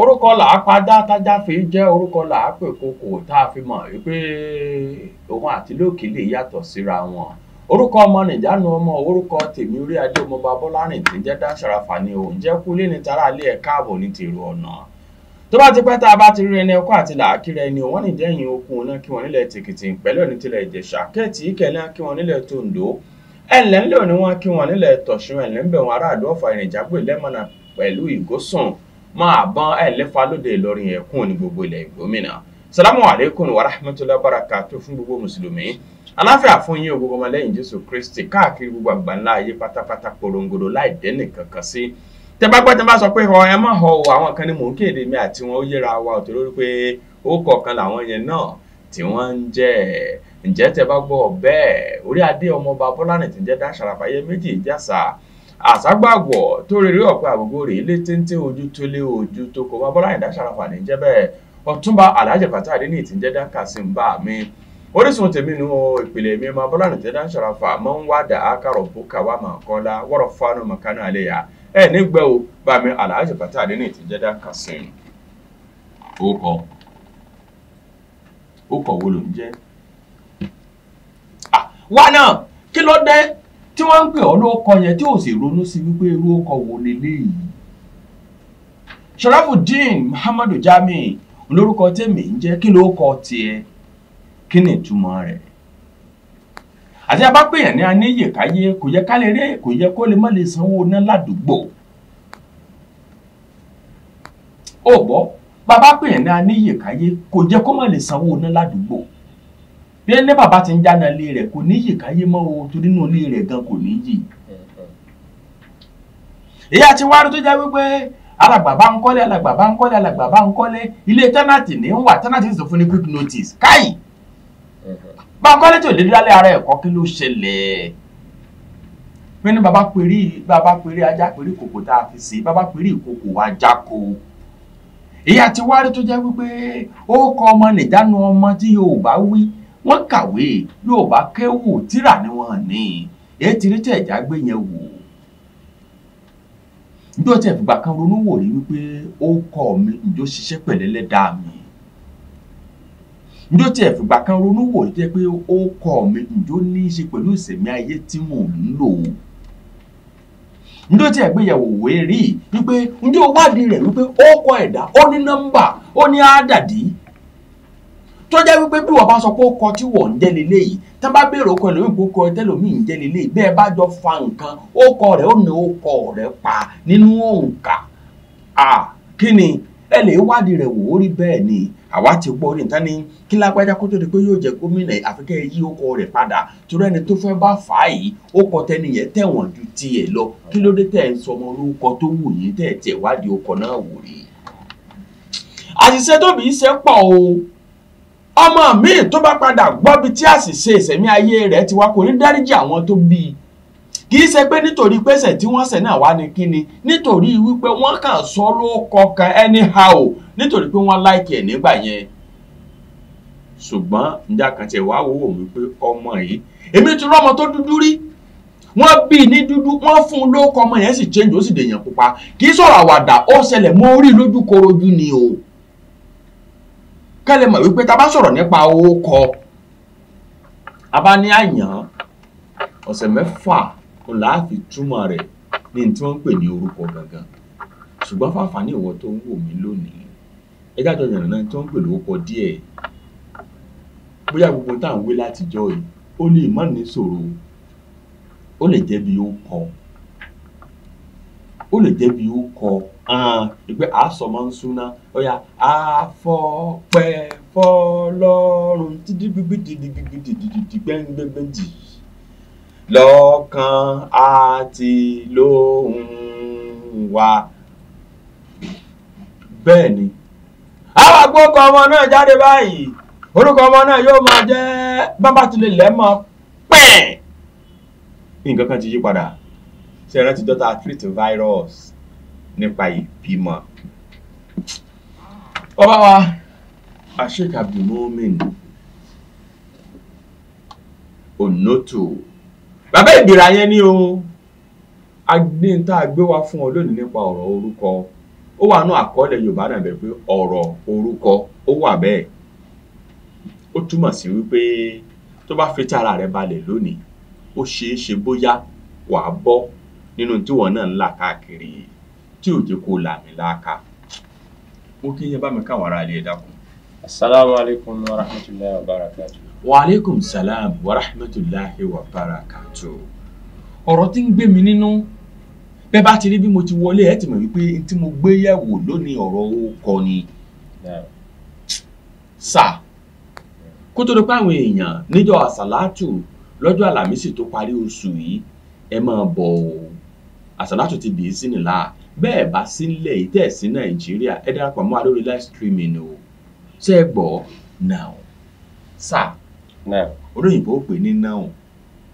orúkọ làápàdá tájáfe jẹ́ orúkọ làápè kòkò tá a fi mọ̀ wípé òun àti lókèlè yàtọ̀ síra wọn orúkọ ọmọ nìjánu ọmọ orúkọ tèmi orí adé ọmọ babalárin tí ń jẹ́ dáṣàràfà ni òun jẹ́ kúlé ní tara ilé ẹ̀ káàbọ̀ ní tèrò ọ̀nà tó bá ti pẹ́ tá a bá ti rí ẹni ẹkọ́ àti làákìrẹ́ ẹni wọ́n ní dẹ́yìn okun náà kí wọ́n nílẹ̀ tìkìtì pẹ̀lú ní tilẹ̀ ìjẹ̀ṣà kẹ́ẹ̀tì ìkẹ́lẹ́ kí wọ́n nílẹ̀ tòǹdó ẹ̀ńlẹ́ ńlẹ́ òní wọn kí wọ́n nílẹ̀ tọ̀ṣun ẹ̀ńlẹ́ ńbẹ̀ wọn aráàlú ọ̀fà ìrìnjàgbé lẹ́mọ̀nà pẹ̀lú ìgòsùn máa bán ẹ̀lẹ́fà lóde Ìlọrin ẹ̀kún ní gbogbo ilẹ̀ ìgbómìnà salamu aleykum wa rahmatulahi barakatu fún gbogbo mùsùlùmí aláfẹ́ àfọyín gbogbo ọmọlẹ́yìn jésù kristi káàkiri gbogbo àgbáńlá ayé pátápátá porongodo láì dẹ́nì kankan sí tẹ́bágbẹ́ tẹ́bá sọ pé ẹ má họ àwọn kan ní mò ń kéde mi àti wọn ó yẹra wa ọ̀tọ̀ lórí pé ó kọ̀ọ̀kan làwọn yẹn náà tí wọ́n ń jẹ́ ǹjẹ́ tẹ́bá bẹ́ẹ̀ orí adé ọmọọba bọ́lá nìtìjẹ́ dá ṣàràfàyè méjì jásà asagbagwo tó rere ọ̀pẹ àgbègbè rèé lé oju ojú tó lé ojú tó kó wọn bọ́lá ìdá ṣàràfà ní jẹ́ bẹ́ẹ̀ fata adé ní kasim mi orísun tèmi nu ìpìlẹ̀ mi ma bọ́lá ìtìjẹ́dá ṣàràfà mọ́ ń wá dà á kàrọ̀ bókà wà mà kọ́lá wọ́rọ̀ fánú mọ̀kánú alẹ́ yá ẹ̀ nígbẹ́ o bá mi alhaji fata adé ní ìtìjẹ́dá kasim tí wọ́n ń pè ọ́ lóko yẹn tí ò sì ronú sí wípé irú ọkọ wo leléyìí. Sharafudeen Muhammadu Jami olórúkọ tèmi ń jẹ́ kí ló kọ tiẹ̀ kí ni rẹ̀. àti abápèyàn ní aníyèkáyé kò yẹ ká lè rí kò yẹ kó lè má lè sanwó ná ládùúgbò. gbọ́ bàbá pèyàn bí ẹni bàbá ti ń jáná ilé rẹ̀ kò ní yì káyé mọ́ o torí inú ilé rẹ̀ gan kò ní yì. èyí àti wárí tó jẹ́ wípé alàgbà bá ń kọ́lé alàgbà bá ń kọ́lé alàgbà bá ń kọ́lé ilé tẹ́nàtì ní ń wà tẹ́nàtì ń sọ fún ní quick notice káì bá ń kọ́lé tí ò lè dálé ara ẹ̀kọ́ kí ló ṣẹlẹ̀ pé bàbá péré bàbá péré ajá péré kòkò tá a fi sè bàbá péré ìkòkò ajá kò èyí àti wárí tó jẹ́ wípé ó kọ ọmọ nìjánu ọmọ tí yóò bá wí wọ́n kàwé yóò bá kéwù tíra ni wọ́n ní ètí rí tẹ̀já gbé yẹn wò njó tẹ̀ fìgbà kan ronú wò rí wípé ó kọ́ mi njó ṣiṣẹ́ pẹ̀lú ẹlẹ́dàá mi njó tẹ̀ fìgbà kan ronú wò rí jẹ́ pé ó kọ́ mi njó ní í ṣe pẹ̀lú ìsẹ̀mí ayé tí mò ń lò njó tẹ̀ gbéyàwó wé rí wípé njó wádìí rẹ̀ wípé ó kọ ẹ̀dá ó ní nọ́mbà ó ní àdàdí tó jẹ́ wípé bí wọ́n bá sọ pé ó kọ tí wọ́n ń jẹ́ leléyìí tá bá béèrè okọ ẹlòmíì kó kọ ẹtẹlòmíì ń jẹ́ leléyìí bẹ́ẹ̀ bá jọ fa nǹkan ó kọ rẹ̀ ó ní ó kọ rẹ̀ pa nínú òǹkà kí ni ẹ lè wádìí rẹ̀ wò ó rí bẹ́ẹ̀ ni àwa ti gbọ́ orí nǹkan ni kí lágbájá kó tó di pé yóò jẹ́ gómìnà àfikẹ́ yí ọkọ rẹ̀ padà torí ẹni tó fẹ́ bá fà á yìí ó kọ tẹ́ni yẹn tẹ̀wọ̀n ju tiẹ̀ lọ kí ló dé tẹ̀ ń sọmọ orúkọ tó wù yín tẹ̀ tẹ̀ wádìí ọkọ náà wò rí. àṣìṣe tóbi ṣe pọ̀ o ọmọ míì tó bá padà gbọ́bi tí àṣìṣe ìṣẹ̀mí ayé rẹ̀ ti wá kò ní dáríjì àwọn tó bí i kì í ṣe pé nítorí pẹ́sẹ̀ tí wọ́n ṣẹ̀ náà wá ní kíni nítorí wípé wọ́n kàn sọ kan anyhow nítorí pé wọ́n láìkì ẹ̀ nígbà yẹn ṣùgbọ́n njẹ́ àkànṣe wàá wò pé ọmọ yìí èmi ti rọ́mọ tó dúdú rí wọ́n bí i ní dúdú wọ́n fún un lóko ọmọ yẹn sì change ó pupa kì í sọ̀rọ̀ àwàdà ó ṣẹlẹ̀ mọ́ orí ni o. kẹ́lẹ́ mọ̀ wípé tá a bá sọ̀rọ̀ nípa orúkọ a bá ní àyàn ọ̀sẹ̀ mẹ́fà kò láàfi túmọ̀ rẹ̀ ní tí wọ́n ń pè ní orúkọ gangan ṣùgbọ́n fáfàní ìwọ tó ń wò mí lónìí ẹ jájọ yànnà náà tí wọ́n ń pè lórúkọ díẹ̀ bóyá gbogbo tá à ń wé látijọ́ yìí ó lè má ní ṣòro ó lè jẹ́ bí ó kọ ó lè jẹ́ bí ó kọ ìpè ah, àsọmọ nsúná ọyà àfọpẹ́ fọ́lọ́run dídígbìdìdìgbìdìdìdì gbẹngbẹngbẹndì lọ́kàn àti lóhùn wa bẹ́ẹ̀ ni àwọn àgbókọ ọmọ náà jáde báyìí orúkọ ọmọ náà yóò máa jẹ́ bábà tí lè lẹ́mọ pẹ́ẹ́ nǹkan kan ti yí padà ṣe é rántí dọ́tà treat virus nípa ìbímọ. Bàbá wa Asheik Abdulmumin Onoto bàbá ìbìrà yẹn ni o ní tá a gbé wá fún ọ lónìí nípa ọ̀rọ̀ orúkọ ó wà nú àkọọ́lẹ̀ Yorùbá náà bẹ̀ pé ọ̀rọ̀ orúkọ ó wà bẹ́ẹ̀ ó túmọ̀ sí wípé tó bá fi tára rẹ balẹ̀ lónìí ó ṣeé bóyá wàá bọ́ nínú tí náà ń káàkiri yìí tí ò jẹ́ kó làmì láàka mo kí yẹn bá mi káwọn ará ilé dákun. asalaamu alaykum wa rahmatulahi wa barakatu. wa aleykum salaam wa rahmatulahi wa barakatu. ọ̀rọ̀ tí ń gbé mi nínú bẹ́ẹ̀ bá ti rí bí mo ti wọlé ẹ̀ ti mọ̀ wípé tí mo gbé yẹ̀wò lónìí ọ̀rọ̀ orúkọ ni. sà kó tó di pé àwọn èèyàn níjọ àsàlátù lọ́jọ́ àlàmísì tó parí oṣù yìí ẹ máa bọ̀ ọ́ àsàlátù ti bì í sínú láà bẹ́ẹ̀ bá sí nílẹ̀ yìí tẹ̀ sí nàìjíríà ẹ darapọ̀ mọ́ wa lórí live streaming o ṣé ẹ gbọ́ now sir olóyìnbó pè ní now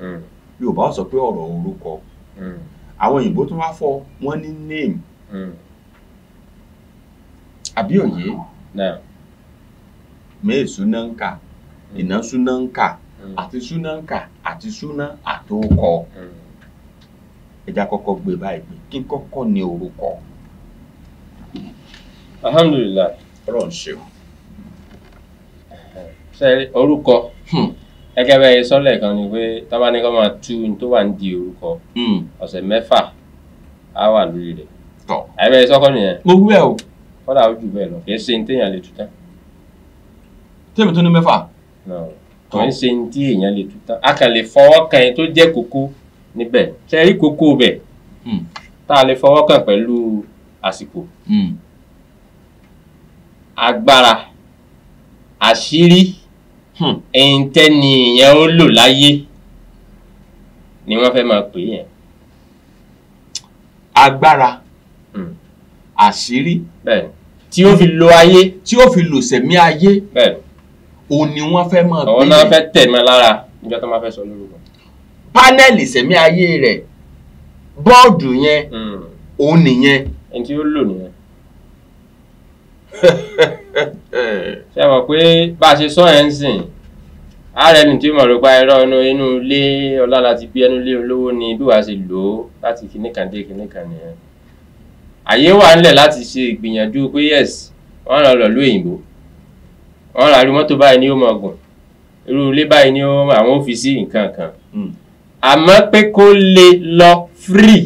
hmm. yorùbá sọ pé ọ̀rọ̀ orúkọ hmm. àwọn òyìnbó tó wá fọ wọn ní name hmm. àbí òye mẹ́ẹ̀ súnáńkà ìná súnáńkà àti súnáńkà àti súná àtòkọ. Mm ẹja kọ́kọ́ gbé báyìí pé kí kọ́kọ́ ní orúkọ. alhamdulilayi ọlọ́run ṣe o sẹ́rí orúkọ hmm. gẹ́gẹ́ bẹ́ẹ̀ sọ́lẹ̀ kan ni pé tọ́ba ní kó máa tú ní tó wà ń di orúkọ hmm. ọ̀sẹ̀ mẹ́fà á wà lórí rẹ̀ àìbẹ̀rẹ̀ sọ́kọ́ nìyẹn. mo wú ẹ o. kọ́dà ó jù bẹ́ẹ̀ lọ kì í ṣe ní téèyàn lè tú tán. tèmi tó ní mẹ́fà. kò ń ṣe ní tí èèyàn lè tú tán a kàn lè fọwọ́ kan ẹ tó jẹ́ kókó níbẹ̀ ṣe rí kókó bẹ̀ hmm. tá a lè fọwọ́ kàn pẹ̀lú àsìkò hmm. agbára àṣírí hmm, ẹ̀yìn ìyẹn ó lò láyé ni wọ́n fẹ́ máa pè é yẹn. agbára àṣírí tí ó fi lo ayé tí ó fi lò sẹ̀mí ayé òun wọ́n fẹ́ máa pè àwọn náà fẹ́ tẹ̀ mọ́ lára níjọ́ tó máa fẹ́ sọ lórúkọ pánẹ́ẹ̀lì sẹ̀mí ayé rẹ̀ bọ́ọ̀dù yẹn hmm. òun nìyẹn. ẹni tí ó lò nìyẹn. ṣé mọ̀ pé bá a ṣe sọ ẹ̀ ń sìn ààrẹ ní tí mo rò pa ẹ̀rọ inú ilé ọlọ́lá ti bí ẹnu ilé olówó ni bí wàá ṣe lò ó láti kìnnìkan dé kìnnìkan nìyẹn àyè wà ńlẹ̀ láti ṣe ìgbìyànjú pé yes wọ́n lọ lọ lú òyìnbó wọ́n rà rí mọ́tò báyìí ní ó mọ̀ gùn irú ilé báyìí ní àwọn ọ́fíìsì nǹkan kan hmm àmọ́ pé kó lè lọ free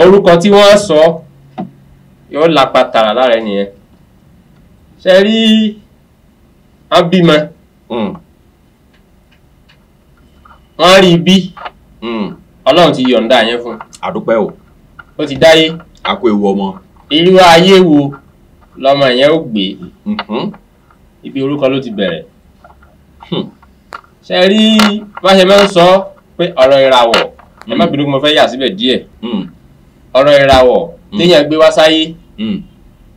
orúkọ tí wọ́n sọ yóò lapa tààrà lára ẹnìyẹn ṣe rí abímọ hmm. wọ́n rí bí hmm. ọlọ́run ti yọ̀ǹda yẹn fún un. àdúpẹ́ o. ó ti dáyé. a kó ewu ọmọ. irú ayé wo lọmọ yẹn ó gbé hmm. ibi orúkọ ló ti bẹ̀rẹ̀. Hmm ṣe rí bá ṣe máa ń sọ pé ọ̀rọ̀ ìràwọ̀ ẹ má bínú mo fẹ́ yà síbẹ̀ díẹ̀ hmm. ọ̀rọ̀ ìràwọ̀ hmm. téèyàn gbé wá sáyé hmm.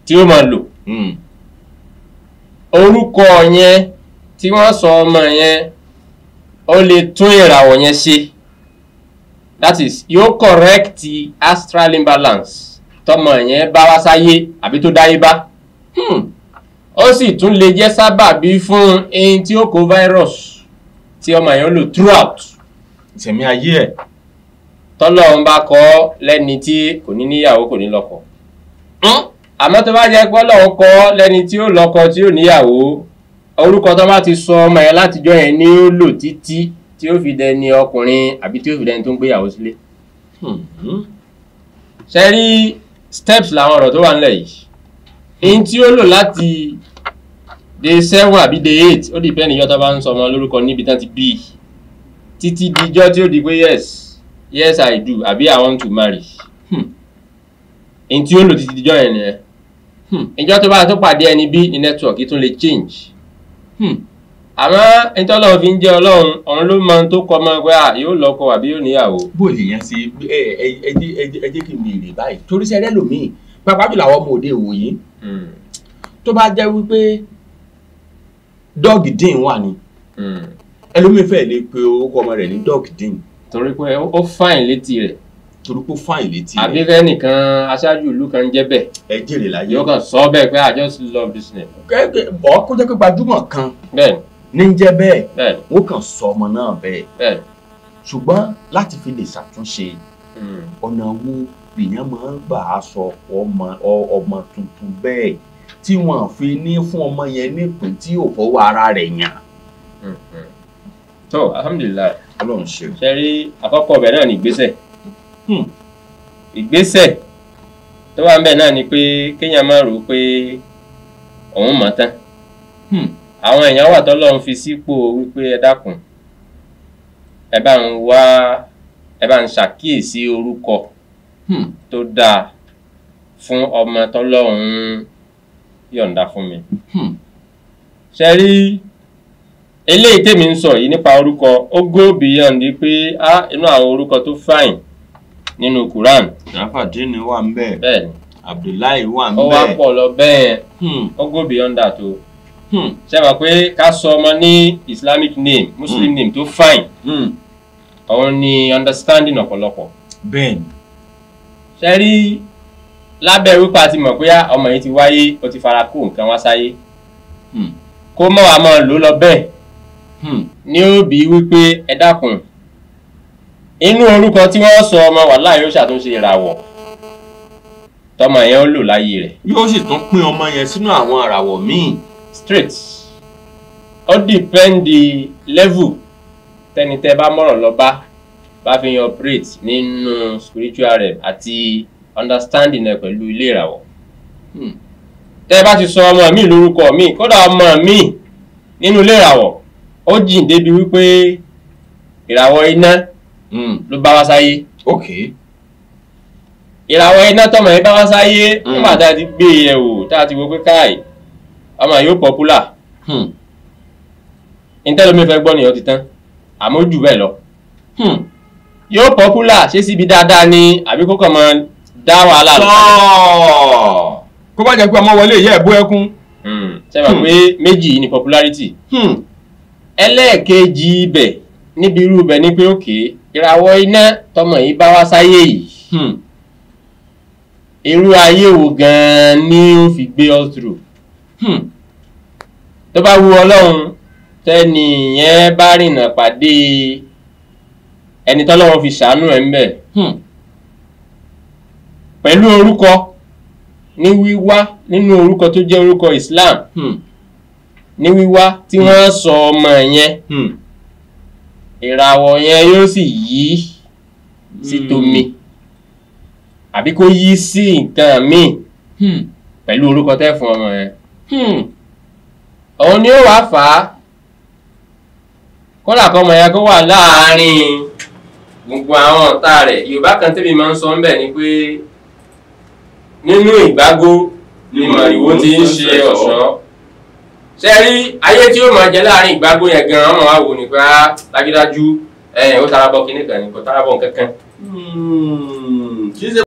tí ó máa lò orúkọ yẹn tí wọ́n sọ ọmọ yẹn ó lè tún ìràwọ̀ yẹn ṣe that is yóò correct astral imbalance tọmọ yẹn bá wá sáyé àbí tó dáyé bá ó sì tún lè jẹ́ sábàbí fún ẹni tí ó kó virus tí ọmọ yẹn lò throughout ìṣẹ̀mí ayé ẹ̀. tọ́lọ́run bá kọ́ lẹ́ni tí kò ní níyàwó kò ní lọ́kọ. Hmm? àmọ́ tó bá jẹ́ pé Ọlọ́run kọ́ lẹ́ni tí ó lọ́kọ tí ó níyàwó orúkọ tó bá ti sọ ọmọ yẹn látijọ́ yẹn ni ó lò títí tí ó fi dẹni ọkùnrin àbí tí ó fi dẹni tó ń gbéyàwó sílé. Hmm. ṣe rí steps làwọn ọ̀rọ̀ tó wà nílẹ̀ yìí. ní tí ó lò láti day seven àbí day eight ó dìpẹ́ níjọ́ tó bá ń sọ ọmọ lórúkọ níbi tán ti bí títí dijọ́ tí ó di pé yes yes i do àbí i want to marry hmm. ntí ó lò títí dijọ́ yẹn nìyẹn hmm. ìjọ tó bá tó pàdé ẹni bí ní network? tún lè change hmm. àmọ́ ìtọ́lọ́ fi ń jẹ́ ọlọ́run ọ̀run ló mọ tó kọ ọmọ ẹgbẹ́ à yóò lọ́kọ àbí yóò níyàwó. bó lè yẹn ṣe ẹ jẹ́ kí n lè rè báyìí torí sẹ́rẹ́ lòmíì pàápàá jùlọ àwọn ọmọ òde ìwòyí tó bá jẹ́ wípé dọ́ọ̀gì Dean, wà ní hmm. ẹlòmíì fẹ́ lè pe orúkọ ọmọ rẹ̀ ní dọ́ọ̀gì dín. torí pé ó fáìn létí rẹ̀. torí pé ó fáìn létí rẹ̀. àbí fẹ́ nìkan aṣáájú ìlú kan jẹ́ bẹ́ẹ̀. ẹ jèrè láyé. yóò kàn sọ bẹ́ẹ̀ pé i just love this name. kẹ́kẹ́ bọ́ kó jẹ́ pé gbajúmọ̀ kan. bẹ́ẹ̀ni. ní ń jẹ́ bẹ́ẹ̀. bẹ́ẹ̀ni. wọ́n kàn sọ ọmọ náà bẹ́ẹ̀. bẹ́ẹ̀ni. ṣùgbọ́n láti fi lè ṣàtúnṣe hmm. ọ̀nà wo lèèyàn máa ń gbà á sọ ọmọ tuntun bẹ́ẹ̀ tí wọ́n fi ní fún ọmọ yẹn nípìn tí ò fọwọ́ ara rẹ̀ yàn. tó alhamdulilayi Ọlọ́run ṣe. ṣe rí àkọ́kọ́ ọbẹ̀ náà ní ìgbésẹ̀ hmm. ìgbésẹ̀ tó wà ńbẹ̀ náà ni pé kéèyàn máa rò ó pé òun mọ̀ tán hmm. àwọn èèyàn wà tọ́lọ́run fi sípò wípé ẹ dákun ẹ bá ń wá ẹ bá ń ṣàkíyèsí orúkọ hmm. tó dáa fún ọmọ tọ́lọ́run yọ̀ǹda fún mi. Hmm. ṣe rí eléyìí tèmi ń sọ yìí nípa orúkọ ó go beyond pé á inú àwọn orúkọ tó fine nínú Quran. Sharafadeen wà ń bẹ̀. bẹ́ẹ̀ni Abdullahi wà ń bẹ̀. ó wá pọ̀ lọ bẹ́ẹ̀ ó go beyond that o. ṣe mọ̀ pé ká sọ ọmọ ní Islamic name Muslim hmm. name tó fine hmm. òun ni understanding ọ̀pọ̀lọpọ̀. bẹ́ẹ̀ni. ṣe rí lábẹ́ rúpa ti mọ̀ pé ọmọ yìí ti wáyé ó ti fara kó nǹkan wá sáyé hmm. kó mọ̀ wá mọ̀ ló lọ bẹ́ẹ̀ hmm. ní ó bí wípé ẹ dákun inú orúkọ tí wọ́n sọ ọmọ wàhálà yóò ṣàtúnṣe ìràwọ̀ tọmọ yẹn ó lò láyé rẹ̀. yóò sì tún pín ọmọ yẹn sínú àwọn àràwọ̀ míì. straight ó dìpẹ́ndì level tẹnitẹ́ bá mọ̀ràn lọ bá bá fi yan operate nínú spiritual rẹ̀ àti understanding ẹ pẹ̀lú ilé ìràwọ̀ hmm. tẹ́ ẹ bá ti sọ ọmọ mi lórúkọ mi kódà ọmọ mi nínú ilé ìràwọ̀ ó jìn débi wípé ìràwọ̀ iná hmm. ló bá wá sáyé ìràwọ̀ iná tọmọ yẹn bá wá sáyé hmm. nígbà tá a ti gbé e yẹ̀ wò tá a ti wo pé káì ọmọ yóò popular ntẹ́lómi fẹ́ gbọ́ nìyẹn ti tán àmọ́ jù bẹ́ẹ̀ lọ yóò popular ṣé síbi dáadáa ni àbí kó kàn máa dá wàhálà lọ. kó bá jẹ́ pé ọmọ wọlé ìyá ẹ̀ bú ẹkún. Hmm. ṣe hmm. pé méjì yìí ni popularity. Hmm. ẹlẹ́ẹ̀kejì ibẹ̀ níbi irú ibẹ̀ ni pé òkè ìràwọ̀ iná tọmọ yìí bá wá sáyé yìí irú ayé wo gan-an ni ó fi gbé ọ through tó bá wu ọlọ́run tẹ́ni yẹn bá rìnnà pàdé ẹni tọ́lọ́run fi ṣàánú ẹ̀ ń bẹ̀ pẹ̀lú orúkọ ní wíwá nínú orúkọ tó jẹ́ orúkọ Islam hmm. ní wíwá tí hmm. wọ́n sọ ọmọ yẹn hmm. ìràwọ̀ yẹn yóò sì yí sí tomi àbí kó yí sí nǹkan míì pẹ̀lú orúkọ tẹ́ fún ọmọ yẹn òun ni ó wàá fà á kódà kọ́mọ yẹn kó wà láàárín gbogbo àwọn ọ̀tá rẹ̀ Yorùbá kan tẹ́bi máa ń sọ ń bẹ̀ ni pé nínú ìgbágó ni màrìwò ti ń ṣe ọ̀ṣọ́ ṣe rí ayé tí ó máa jẹ láàrin ìgbágó yẹn gan ọmọ wa wò ní pé á ah, dájúdájú ó tarabọ kíní kan ní kò tarabọ kankan. Hmm, kì í